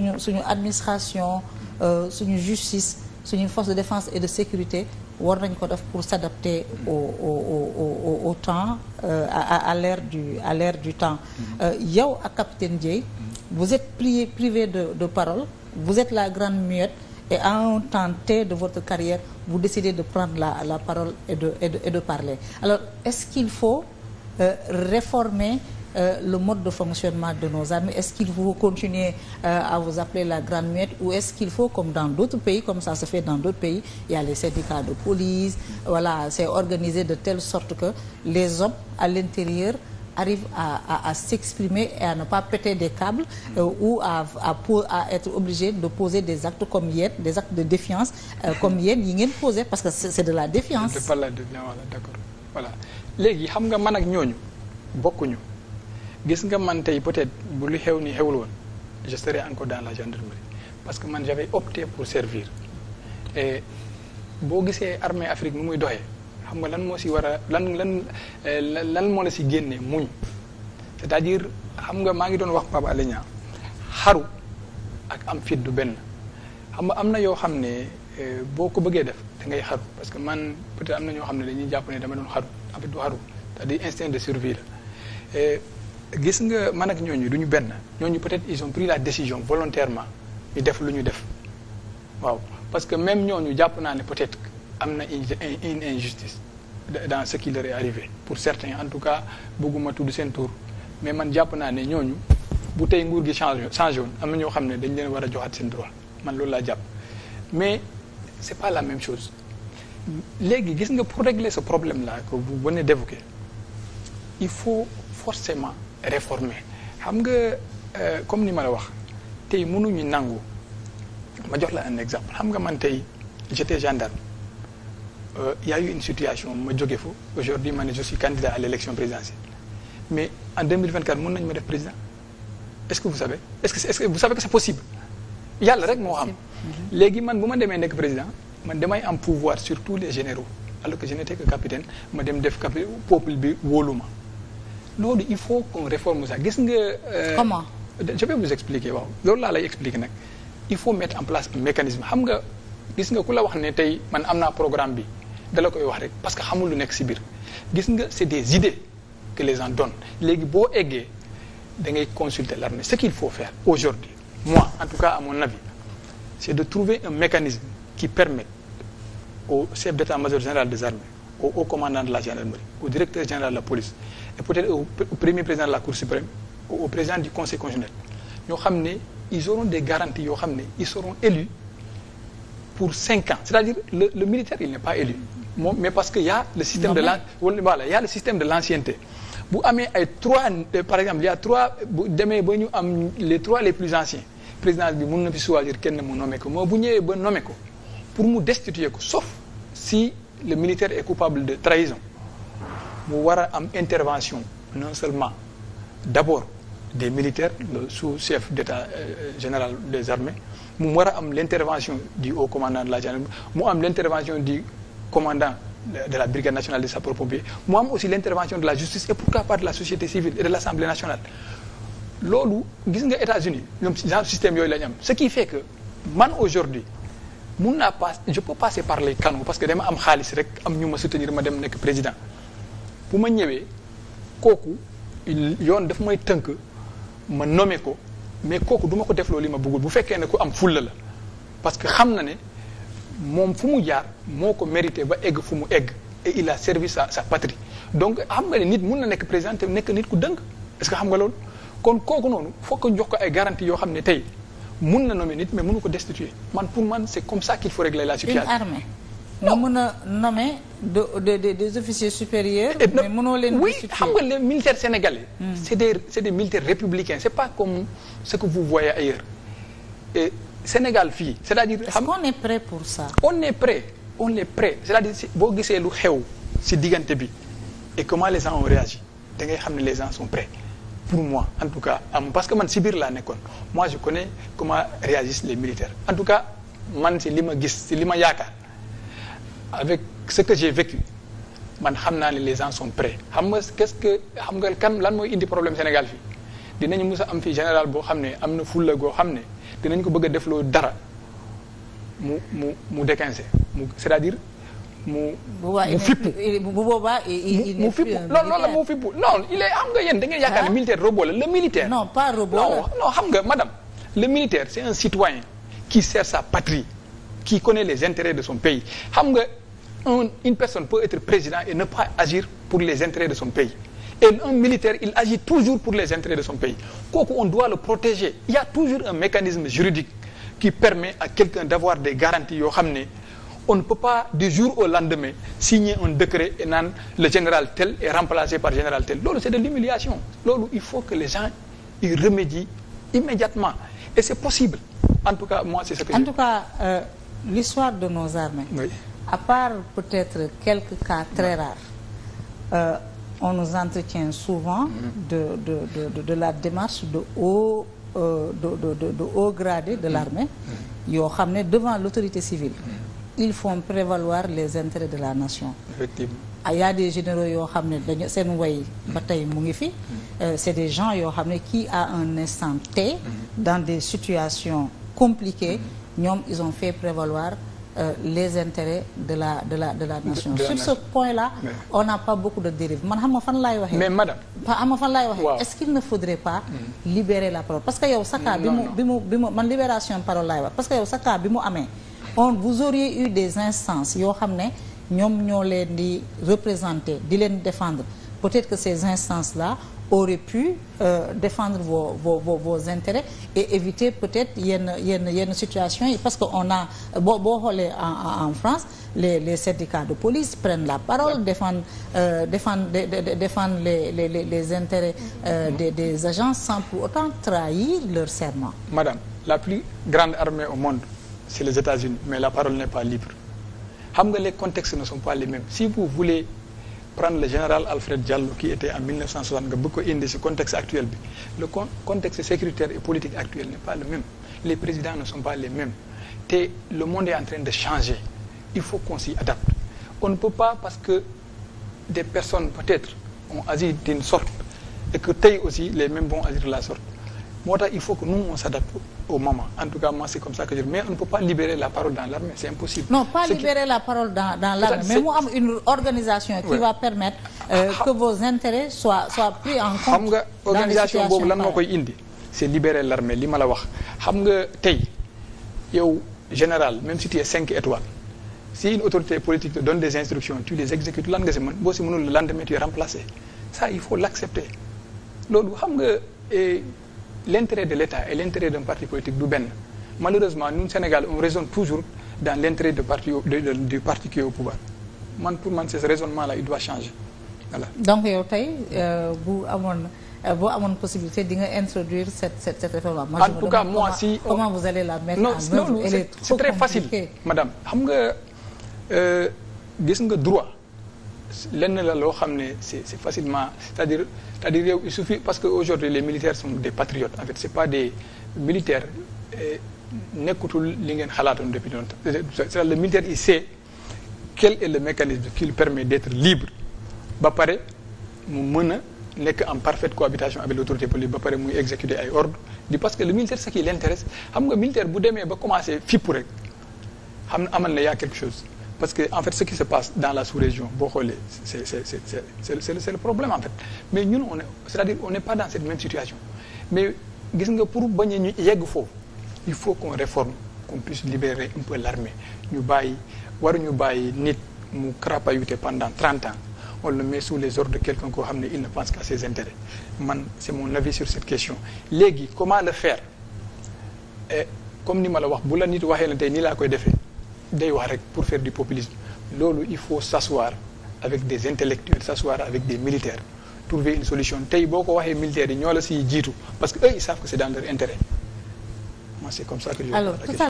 suñu suñu administration euh, suñu justice suñu force de défense et de sécurité war nañ ko def pour s'adapter au au au au temps euh, à à l'ère du à l'ère du temps mm-hmm. euh, yow ak capitaine Dièye mm-hmm. vous êtes plié privé de de parole vous êtes la grande muette et à un temps T de votre carrière vous décidez de prendre la la parole et de et de et de parler alors est-ce qu'il faut euh, réformer euh, le mode de fonctionnement de nos armées est-ce qu'il faut continuer euh, à vous appeler la grande muette ou est-ce qu'il faut comme dans d'autres pays comme ça se fait dans d'autres pays a les syndicats de police voilà c'est organisé de telle sorte que les hommes à l'intérieur arrive à, s'exprimer et à ne pas péter des câbles euh, ou à, à être obligé de poser des actes comme yéen des actes de défiance euh, comme yéen yi ngeen poser parce que c'est de la défiance. C'est pas la léegi xam nga man ak ñooñu gis nga man tey peut-être bu lu xew ni xewul woon je serais encore dans la gendarmerie parce que man j'avais opté pour servir et boo gisee armée Afrique nu muy doxee xam nga lan moo si war a lan lan eh, lan moo la si génnee muñ cest à xam nga maa ngi doon wax Pape Alé Niang xaru ak am fit du benn xam nga am na yoo xam ne eh, boo ko bëggee def da ngay xaru parce que man peut am na ñoo xam ne dañuy jàpp ne dama doon xaru en fait du xaru c'est-à-dire instinct de survie la eh, gis nga man ak ñooñu du ñu benn ñooñu peut-être ils ont pris la décision volontairement ñu def lu ñu def waaw parce que même ñooñu jàpp naa ne peut-être am na une injustice dans ce qui leur est arrivé pour certains en tout cas bëgguma tudd seen tour mais man jàpp naa ne ñooñu bu tey nguur gi change changé woon am na ñoo xam ne dañ leen war a joxaat seen droit man loolu laa jàpp mais c'est pas la même chose léegi gis nga pour régler ce problème là ko vous venez d'évoquer il faut forcément réformer xam nga euh, comme ni ma la wax tey mënuñu nangu ma jox la un exemple xam nga man tey j'étais gendarme euh, y a eu une situation ma jóge fa aujourd'hui ma ne je suis candidat à l'élection présidentielle mais en mun nañu ma def président est-ce que vous savez est-ce que est vous savez que c'est possible yàlla rek moo xam léegi man bu ma demee nekk président man demay am pouvoir surtout les généraux alors que je n'étais que capitaine ma dem def capi peuple bi wóolu ma loolu il faut qu'on réforme ça gis nga. Euh, comment. je vais vous expliquer waaw loolu laa lay expliquer nag il faut mettre en place un mécanisme xam nga gis nga ku la wax ne tey man am naa programme bi dala koy wax rek parce que xamul lu nekk si biir gis nga c'est des idées que les en donnent léegi boo eggee da ngay consulter l'armée ce qu'il faut faire aujourd'hui moi en tout cas à mon avis c'est de trouver un mécanisme qui permette au chef d'état-major général des armées au haut commandant de la gendarmerie au directeur général de la police premier président de la cour suprême au président du conseil constitutionnel ñoo xam ne ils auront des garanties yoo xam ne ils seront élus pour cinq ans c'est-à-dire le le militaire il n'est pas élu moom mais parce que ya a le système de la a le de l'ancienneté bu amee ay trois euh, par exemple il y a trois bu demee ba ñu am les trois les plus anciens présidence bi mën na fi choisir kenn mu nommé ko moo bu ñëwee ba nommé ko pour mu destituer ko sauf le militaire est coupable de trahison mu war a am intervention non seulement d'abord des militaires le sous-chef d'état euh, euh, général des armées mu war a am l'intervention du haut commandant de la gendarmerie mu am l'intervention du commandant de la brigade nationale des sapeurs-pompiers mu am aussi l'intervention de la justice et pourquoi pas de la société civile et de l'Assemblée nationale loolu gis nga États-Unis ñoom genre système yooyu la ñu am ce qui fait que man aujourd'hui mun naa pass je peux passer par les canaux parce que dama am xaalis rek am ñu ma soutenir ma dem nekk président bu ma ñëwee kooku yoon daf may tënk ma nommé ko mais kooku duma ko def loolu li ma bëggul bu fekkee ne ku am fulla la parce que xam na ne moom fu mu jaar moo ko mérité ba egg fu mu egg et il a servi sa sa patrie donc xam nga ne nit mun na nekk président te nekk nit ku dëng est que xam nga loolu kon kooku noonu foog ko jox ko ay garantie yoo xam ne tey mun na nommer nit mais mënu ko destituer man pour man c'est comme ça qu'il faut régler la situation. une armée nga mën a nommer de de de des officiers supérieurs. mais mënoo leen destituer oui xam nga les militaires sénégalais. Hmm. c'est des c'est des militaires républicains c'est pas comme ce que vous voyez ailleurs. Sénégal fii c'est-à-dire. est-ce qu'on est prêt pour ça. on est prêt on est prêt c'est-à-dire boo gisee lu xew si diggante bi et comment les gens ont réagi da ngay xam ne les gens sont pour moi en tout cas am parce que man si biir laa nekkoon moi je connais comment réagissent les militaires en tout cas man si li ma gis si li ma yaakaar avec ce que j'ai vécu man xam naa ne les gens sont prêts xam nga quest que xam nga kan lan mooy indi problème Sénégal fii dinañu mus a am fii général boo xam ne am na fulla goo xam ne dinañ ko bëgg a defloo dara mu mu mu déquincer mu c'est-à-dire mu mu fippu bu boobaa mu fippu non loolu la mu fippu non il est xam nga yéen da ngeen yaakaar ne militaire robot la le militaire. non pas robot non xam nga madame. le militaire c'est un citoyen qui sert sa patrie qui connaît les intérêts de son pays xam nga un une personne peut être président et ne pas agir pour les intérêts de son pays. Et un militaire, il agit toujours pour les intérêts de son pays. Kooku, on doit le protéger. Il y a toujours un mécanisme juridique qui permet à quelqu'un des garanties yoo xam ne on ne peut pas du jour au lendemain signer un décret et naan le général tel est remplacé par général tel loolu c'est de l'humiliation loolu il faut que les gens y remédient immédiatement et c'est possible en tout cas moi en tout cas euh, l'histoire de nos armées oui. à part peut-être quelques cas très rares euh, on nous entretient souvent mm-hmm. de de de de la démarche de haut euh, de de de de haut gradé de mm-hmm. l'armée mm-hmm. yoo xam ne devant l'autorité civile ils font prévaloir les intérêts de la nation. effectivement ah, a des généraux yoo xam ne dañu seen way ba tey mu ngi fi. Mm-hmm. Euh, c'est des gens yoo xam ne qui à un instant T. Mm-hmm. dans des situations compliquées mm-hmm. ñoom ils ont fait prévaloir. Euh, les intérêts de la de la de la nation. De, de sur la ce nation. point-là on n'a pas beaucoup de dérives man xam fan laay waxee. mais fan laay waxee. est-ce qu'il ne faudrait pas. Mm. libérer la parole parce que yow. sa cas bi mu bi mu bi mu man libération parole laay wax parce que yow on vous auriez eu des instances yoo xam ne ñoom ñoo leen di représenter di leen défendre peut-être que ces instances là auraient pu euh, défendre vos, vos vos vos intérêts et éviter peut-être yenn yenn yenn situation yi parce que on a boo boo xoolee en en France les les syndicats de police prennent la parole défendent euh, défendent défendent les les les intérêts euh, mm-hmm. des des agents sans pour autant trahir leur serment. Madame, la plus grande armée au monde. c'est les États-Unis mais la parole n'est pas libre xam nga les contextes ne sont pas les mêmes si vous voulez prendre le général Alfred Diallo qui était en 1960 nga bëgg ko indi ci contexte actuel bi le contexte sécuritaire et politique actuel n'est pas le même les présidents ne sont pas les mêmes te le monde est en train de changer il faut qu'on s'y adapte on ne peut pas parce que des personnes peut-être ont agi d'une sorte et que tey aussi les mêmes vont agir la sorte moo tax il faut que nous on s'adapte au moment en tout cas moi c'est comme ça que je mais on ne peut pas libérer la parole dans l'armée c'est impossible. non pas Ce la parole dans l'armée mais mu une organisation. qui va permettre euh, ah, ah. que vos intérêts soient pris en compte. xam nga organisation boobu lan moo koy indi. c'est libérer l'armée li ma la wax xam nga tey yow général même si tu es cinq étoiles si une autorité politique te donne des instructions tu les e lan nga si mën boo si mënul le lendemain tu es remplacé ça il faut l'accepter loolu xam nga. l'intérêt de l'État et l'intérêt d'un parti politique du benn malheureusement ñun Sénégal on raisonne toujours dans l'intérêt de parti du parti qui man pour man c'est ce raisonnement là il doit changer voilà. donc yow tey euh, bu amoon euh, boo amoon possibilité di nga introduire cette cette cette réforme en tout cas moi si comment vous allez la mettre très facile madame xam nga euh, gis nga droit. lenn la loo xam ne c'est c'est facilement c'est-à-dire c'est-à-dire yow parce que aujourd'hui les militaires sont des patriotes en fait c'est pas des militaires nekkutul li ngeen xalaatoon depuis longtemps cest le militaire il sait quel est le mécanisme qui lui permet d'être libre ba pare mu mën a nekk en parfaite cohabitation avec l'autorité politique ba pare muy exécuter ay ordres di parce que le militaire ce qui l'intéresse xam nga militaire bu demee ba commencer fippu rek xam na amal na yaa quelque chose parce que en fait ce qui se passe dans la sous-région boo xoolee c'est c'est c'est c'est le problème en fait mais ñun on est c'est-à-dire on n'est pas dans cette même situation mais gis nga pour bañ ñu yegg foofu il faut qu'on réforme qu'on puisse libérer un peu l'armée ñu bàyyi war ñu bàyyi nit mu crapauté pendant trente ans on le met sous les ordres de quelqu'un koo xam ne il ne pense qu'à ses intérêts man c'est mon avis sur cette question léegi comment le faire et ni ma la wax bu la nit waxee la tey laa koy defee day wax rek pour faire du populisme loolu il faut s'asseoir avec des intellectuels s'asseoir avec des militaires trouver une solution tey boo ko waxee militaires yi ñoo la siy jiitu parce que eux ils savent que c'est dans leur intérêt moi c'est comme ça que je la question